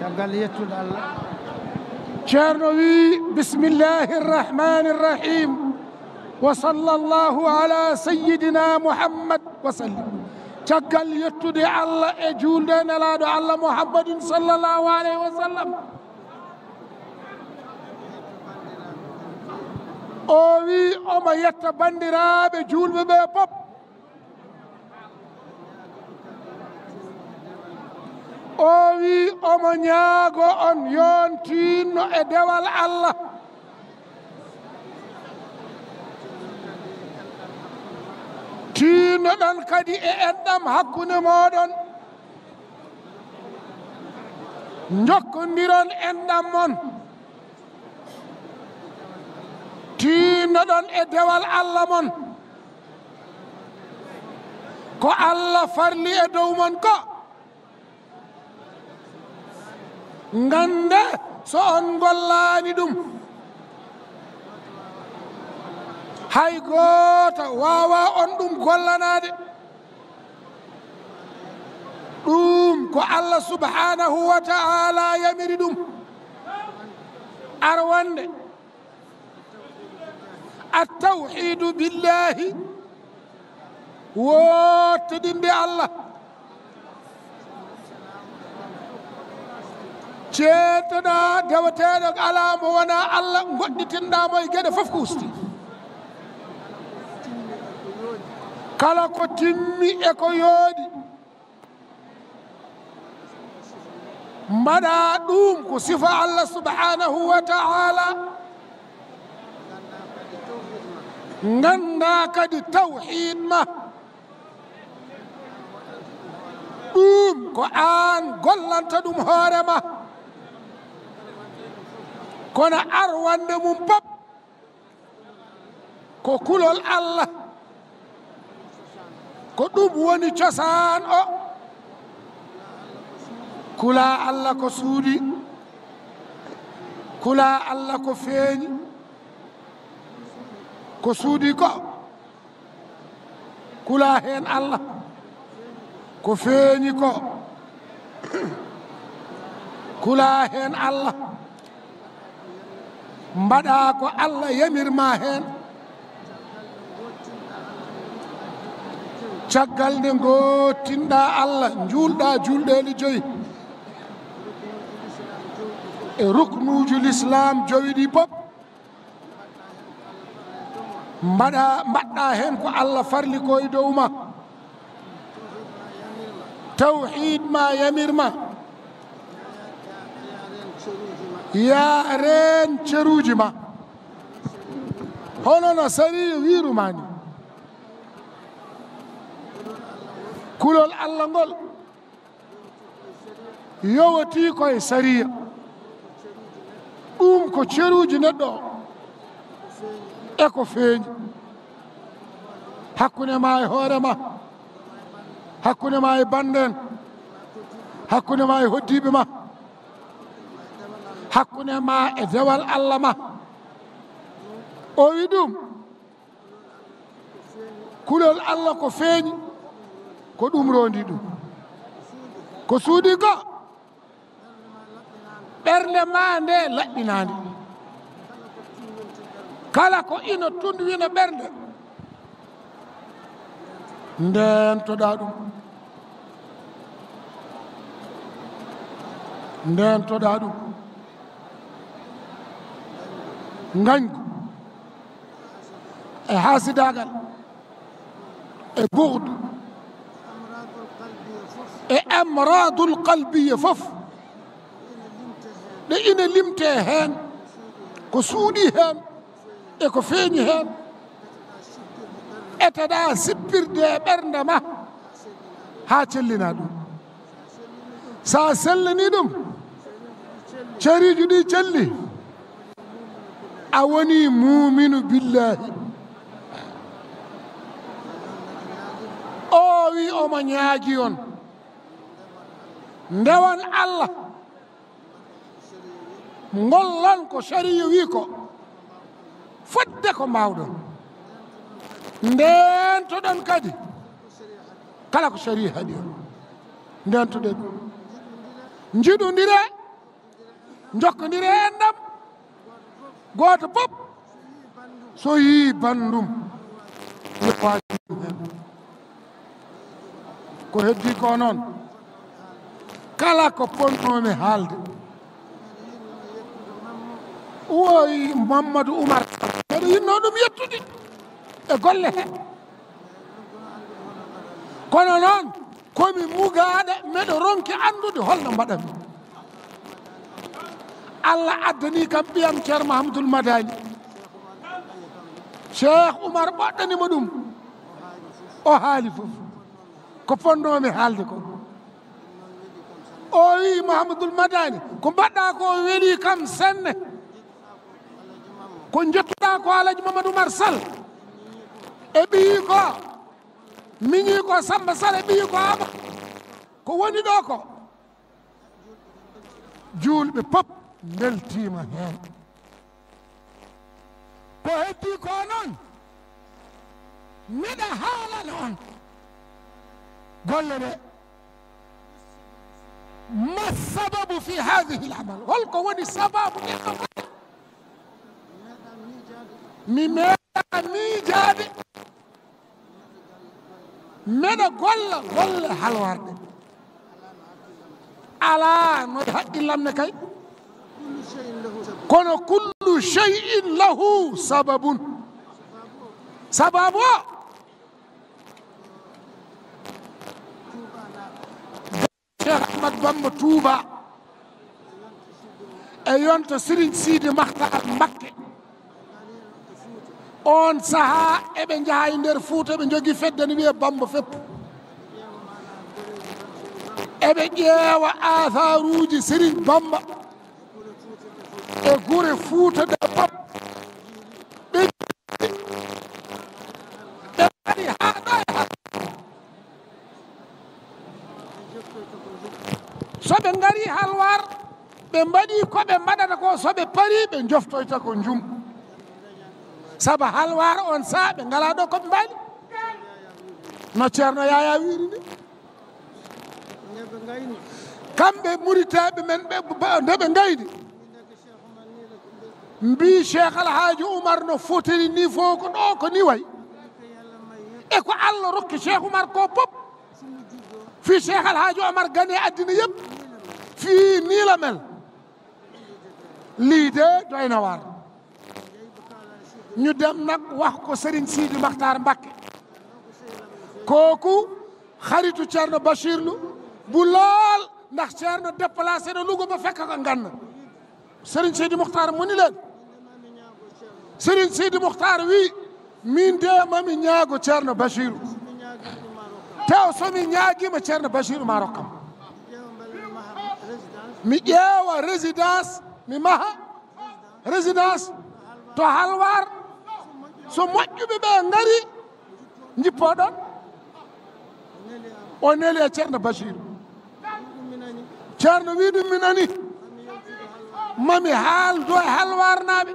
شارنوي بسم الله الرحمن الرحيم وصلى الله على سيدنا محمد وسلم تقل يتدع الله اجول دين الادو على محمد صلى الله عليه وسلم اوي اما يتبندرا بجول ببابا o wi omo ñaago on yon tinno e dewal allah tinno ɗon kadi e enɗam hakkunde moɗon jokkodiron enɗam moon tinno ɗon e dewal allah moon ko allah farli e dow mon ko ngannda so on ngollaani ɗum hay gooto waawaa on ɗum gollanaade ɗum ko allah subhanahu wa taala yamiri ɗum arwande attawhidu billahi wootude mbi allah ceetoɗa dewateɗo alamo wona allah goɗɗitinɗamo e gueɗe foof kusti kala ko timmi e ko yooɗi mbaɗa ɗum ko sifa allah subhanahu wa taala ganda kadi tawhid ma ɗum ko an gollanta ɗum hoorema kono ar wande mum pap ko kulol allah ko ɗum woni cosan o kula allah ko suuɗi kula allah ko feeñi ko suuɗi ko kula heen allah ko feeñi ko kula heen allah mbaɗa ko allah yamirma heen caggal nde ngootinɗa allah njuulɗa juulɗeele joyi e ruknuuji l'islam jowi ɗi pop mbaɗa mbaɗɗa heen ko allah farli ko e dow ma tawhid ma yamirma ya reen ceruji ma hono no sari wirumani kulol allah ngol yowoti koye sariya ɗum ko ceruji neɗɗo eko feeñi hakkunde ma e hoorema hakkunde ma e banden hakkunde ma e hoddiɓe ma hakkunde ma e dewal allah ma o wi ɗum kulol allah ko feeñi ko ɗum rondi ɗum ko suudi go ɓernde ma nde laɓɓinande kala ko ino tunduwino ɓernde ndeentoɗa ɗum ndeentoɗa ɗum ŋañgu e haasidagal e buhdu e amradul qalbiya fof ɗe ina limte heen ko suuɗi heen e ko feeñi heen etaɗa sippirde e ɓernde ma haa cellina ɗum so a sellini ɗum ceriiji ɗi celli a woni muminu billahi o wi omo ñaagi on ndewan allah ngollon ko sariya wi ko fodde ko mbawɗon ndentoɗon kadi kala ko sariya haɗi on ndentoɗen jiɗodire jokkodire e ndam gooto pop so yii banndum waajiuhen ko heddii koo noon kala ko ponnoomi haalde woyi mamadou oumar mbeɗo yinnoo ɗum yettude e golle hee kono noon komi mugaaɗe mbeɗo ronki anndude holno mbaɗami allah addani kam ɓiyam ceer mahamadoul madani cheikh oumar ɓoɗɗanima ɗum o haali foof ko fonnomi haalde ko o wi mahamadoul madani ko mbaɗɗa ko weli kam senne ko jottuɗa ko alaji mamadou oumar sall e ɓiyi ko miñi ko samba sall e ɓiyi ko aba ko woni ɗo ko juulɓe pop ملتي من هم بهدي كونون من حالنون قلنا ما السبب في هذه العمل قلت وين السبب مما نيجاد من قل قل حلوارد على مدهد إلا منكي كونو كل شيء له سبب سبب شيخ احمد بام توبا ايون تسرين سيد مخطا مكه اون سها ابن جاي ندير فوت ابن جوغي فد ني بام فيب ابن جاي واثاروجي سرين بام e guure fuuta de pop ɓe ɓe mari haɗa e ha soɓe gari halwar ɓe mbaɗi koɓe mbaɗata ko soɓe paari ɓe joftoyta ko jum saabu halwar on saa ɓe ngala ɗo koɓe mbaɗi no ceerno yaya wiri ndi kamɓe muritaɓe men ɓe nde ɓe gaydi بي شيخ الحاج عمر نفوتي ني فوك نوك ني واي اكو الله روك شيخ عمر كو بوب في شيخ الحاج عمر غني ادنا ييب في ني لا مل لي دي دوينا وار ني دم نك واخ كو سيرن سيدي مختار مباك كوكو خريتو تشارنو بشير لو بو لول ناخ تشارنو ديبلاسي نو لوغو با فك كو غن سيرن سيدي مختار موني لا serigne sidi mouhtar wi min de mami ñaago ceerno basiru tew somi ñaaguima ceerno basiru marok kam mi ƴeewa résidence mi maha résidence to halwar so moƴƴuɓe ɓe ngari jippoɗon o neli e ceerno basiru ceerno wi ɗum mi nani mami haaldu e halwar naaɓe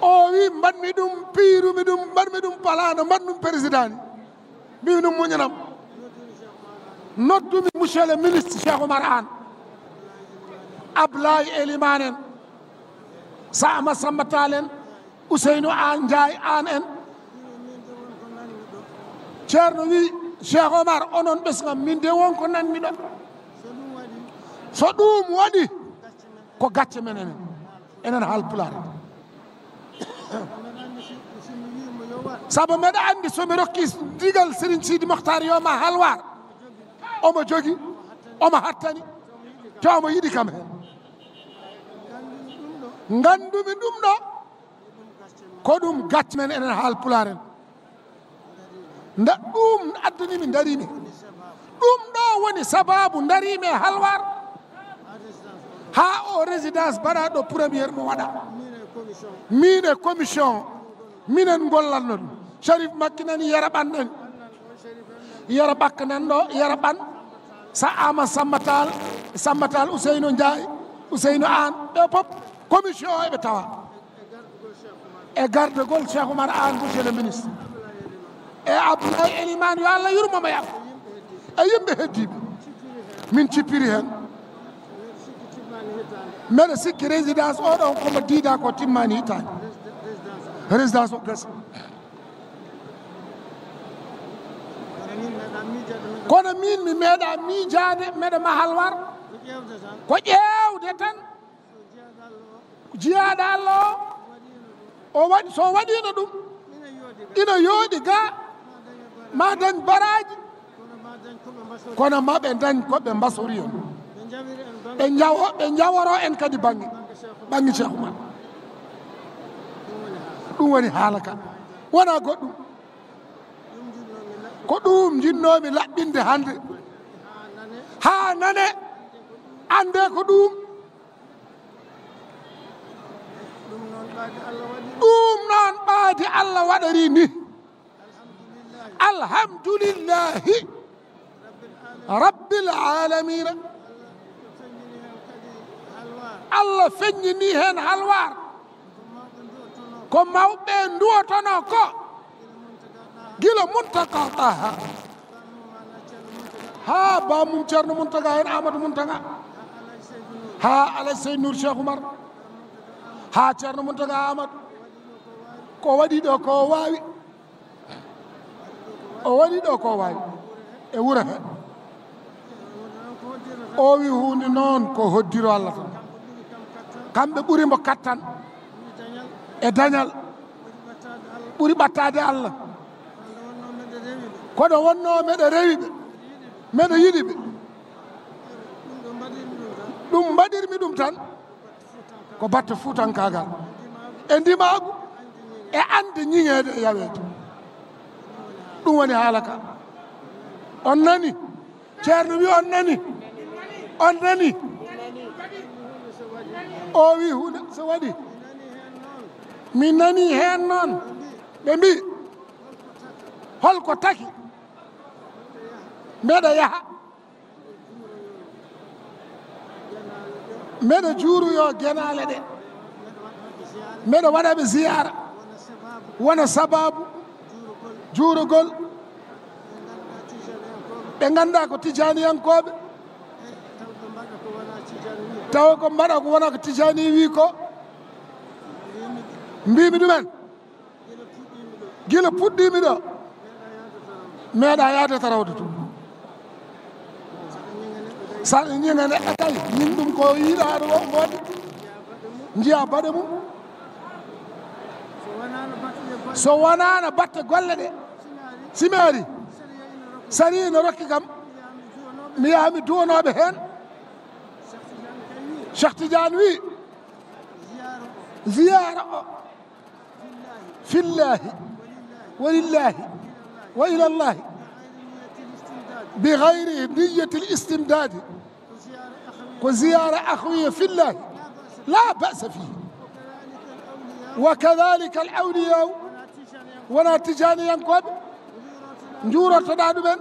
o wi mbatmi ɗum piirumi ɗum mbatmi ɗum palano mbat ɗum président mbimi ɗum muñanam noddumi monsieur le ministre cheikh oumar an ablay elimane en sa ama samba tal en ouseynou an ndiaye an en ceerno wi cheikh oumar onon ɓesgam min de wonko nanmi ɗo so ɗum waɗi ko gacce menenen enen halpulaare sabu mbeɗa anndi somi rokki ndigal sérine sidi mohtar yoma halwar omo jogi omo hattani te omo yiɗi kam heen nganndumi ɗum ɗo ko ɗum gacce men enen haalpulaar en nda ɗum addanimi darimi ɗum ɗo woni sababu darimi e halwar ha o résidence mbaɗa ɗo premiére mo waɗa min e commission minen gollatno ɗum sharif makki nani yara ɓanɗen yara ɓakka nan ɗo yara ɓan sa ama sammatal sammatal ouseyno ndiay ouseyno an ɓe foof commission eɓe tawa e garde gol cheikh oumar an monsieur le ministre e abdoulaye elimane yo allah yurmama yaa e yimɓe heddiɓe min cippiri hen mbeɗa sikki résidence oɗon oh, komo diida ko timmani itani résidence o gasa kono min mi meeɗa miijade mbeɗa mahalwar ko ƴeewde tan jiyaɗallo o waɗi so waɗino ɗum ina yooɗi ga ma dañ baraji kono maɓe dañ koɓe mbasori on ɓe jawo ɓe jaworo en kadi bangge bangge cheikhu man ɗum woni haala ka wona goɗɗum ko ɗum jinnomi laɓɓinde hande ha nane ande ko ɗum ɗum noon ɓaadi allah waɗari ni alhamdulillahi rabbilalamina Alhamdulillah. allah feññini heen halwar ko mawɓe nduwotono ko gila muntaka taha ha bamum ceerno muntaga heen amadou muntaga ha alay sey nour cheikh oumar ha ceerno muntaga amadou ko waɗi ɗo ko wawi o waɗi ɗo ko wawi e wuura he o wi hunde noon ko hoddiro allah tan kamɓe ɓurimo kattan e dañal ɓuri ɓattade allah koɗo wonno meɗo rewi ɓe meɗo yiɗi ɓe ɗum mbaɗirmi ɗum tan ko batte fuutankagal e ndimagu e ande ñiñede e yaweede ɗum woni haala ka on nani ceerno wi on nani on nani o wi hunde so waɗi min nani hen noon ɓe mbi holko taki mbeɗa yaaha mbeɗa juuruyo genale ɗe mbeɗa waɗaɓe ziyara wona sababu juurugol ɓe ganda ko tijaniyankoɓe tawa ko mbaɗa ko wona ko tijani wi ko mbimi ɗumen guila puɗɗimi ɗo meeɗa yaade tarawde tu sa ñinga neɗɗo kay ñin ɗum ko yiɗaɗo o gode jiya baɗe mum so wonano batte golle ɗe simaari sarino rokki kam mi yaha mi duwanoɓe heen شيخ تجانوي زيارة في الله ولله وإلى الله بغير نية الاستمداد وزيارة أخوية في الله لا بأس فيه وكذلك الأولياء وناتجان ينقب نجورة تدعو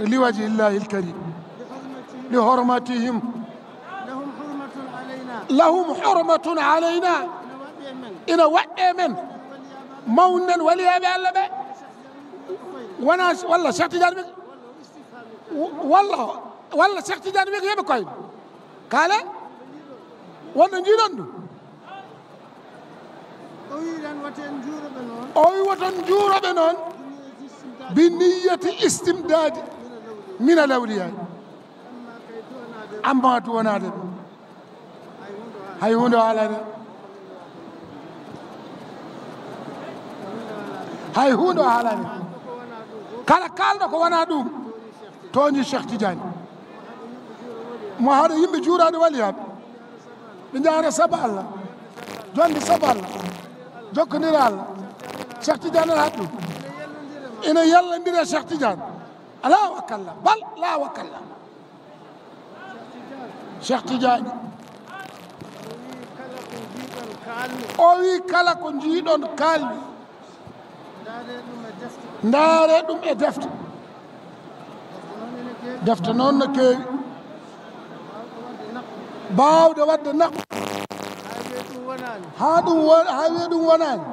لوجه الله الكريم لحرمتهم lahum hurmatun alayna ina waɗɗe men mawnen waliyaɓe allah ɓe wona walla cheikh tidiane ɓe walla walla cheikh tidiane wi ko yoɓe koyno kaale wonɗo jiiɗon ɗum o wi woton juuroɓe noon bi niyati istimdadi mina lawliyani amma du wonade ɓe هاي هيقولوا على ده هيهونوا على ده قال قال ده كوانا دوم توني شيخ تجاني ما هذا يم بجورا دي ولي هاد من جانا سبع الله جوان دي سبع الله جوك نرى الله شيخ تجاني الهاتو إنا يلا نرى شيخ تجاني لا وكلا بل لا وكلا شيخ تجاني o wi kala ko jiiɗon kaalmi ndaare ɗum e defte defte noon no keewi baawde wadde naqu haa ɗum haa wiye ɗum wonaani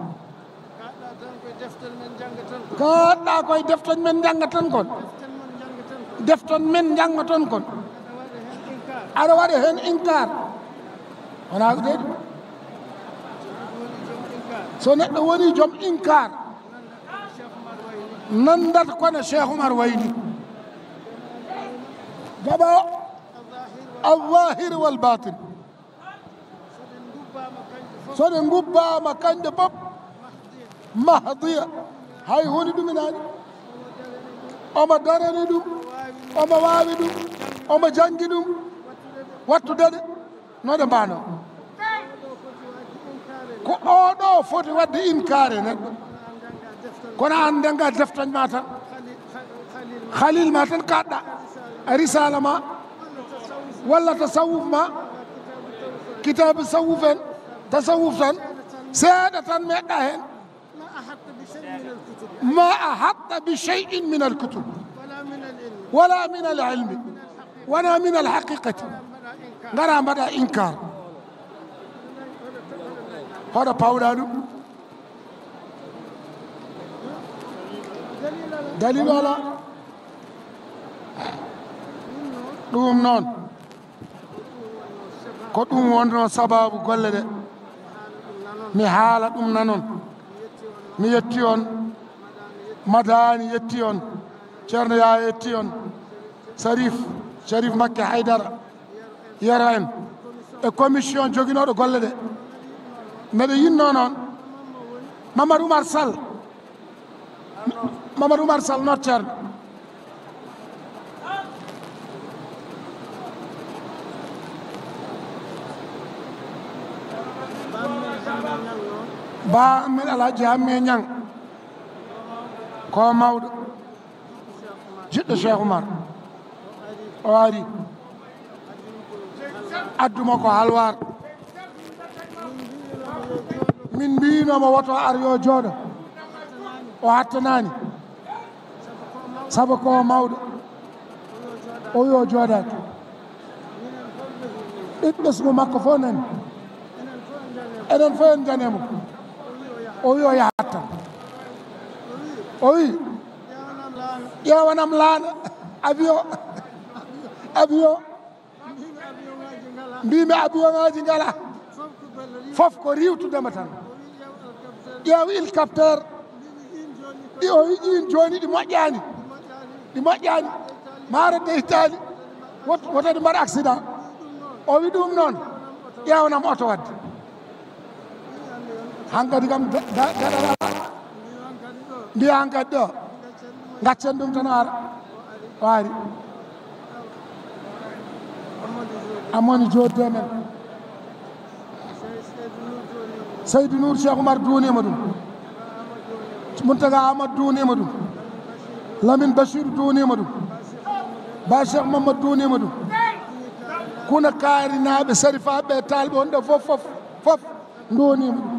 kaaɗɗa koye defton men jannga tan kon defton men jannga ton kon aɗa waɗa heen incar wonaa ko deyɗum so neɗɗo woni joom inkar nandat kono cheikh oumar wayni gaɓa o allahiri wal batin soɗe gubbama kañƴe pop mahdiya hay woni ɗuminani omo darani ɗum omo wawi ɗum omo janggi ɗum wattudede noɗe mbano ko do foti wadde inkare neɗɗo kono an ndenga deftañ ma tan halil ma tan kaɗɗa risala ma walla tasawuf ma kitabe sawuf tasawuf tan seeɗa tan meɗɗa hen ما أحط بشيء من الكتب ولا من العلم ولا من الحقيقة غرام بدا إنكار hoɗo pawɗa ɗum dalil ala ɗum noon ko ɗum wonno sababu golle ɗe mi haala ɗum nanon mi yetti on madani yetti on ceerno yaya yetti on sharif sharif makke haydara yera en e commission joguinoɗo golle ɗe mbeɗe nonon noon mamadou oumar Mama mamadou oumar ba amin alhaji hamme ñang ko mawɗo jiɗɗo cheikh oumar o ari halwar min mbinomo woto ar yo jooɗo o hattanani saabu ko mawɗo o wi o jooɗani ɓesgu makko fof nani enen fof en janemo o wi o yahat o wi ƴewanam laaɗa avion avion mbimi avion ngala fof ko riwtudema tan ƴeewi hélicaptere ɗi o hiƴiin jooni ɗi moƴƴaani ɗi moƴƴaani maaret de hittaani wotode mbaɗa accident o wi ɗum noon ƴeewnam oto wadde han kadi kam gaɗara mbiyan kadi ɗo gaccen ɗum tan ara o ari ammoni jooddemen Seydou Nour Cheikh Oumar duunima ɗum Mountaga Ahmad duunima ɗum Lamine Bachir duunima ɗum Ba Cheikh Mamadou duunima ɗum kuna kaarinaɓe sarifaɓe talɓe on ɗo fof fof fof duunima ɗum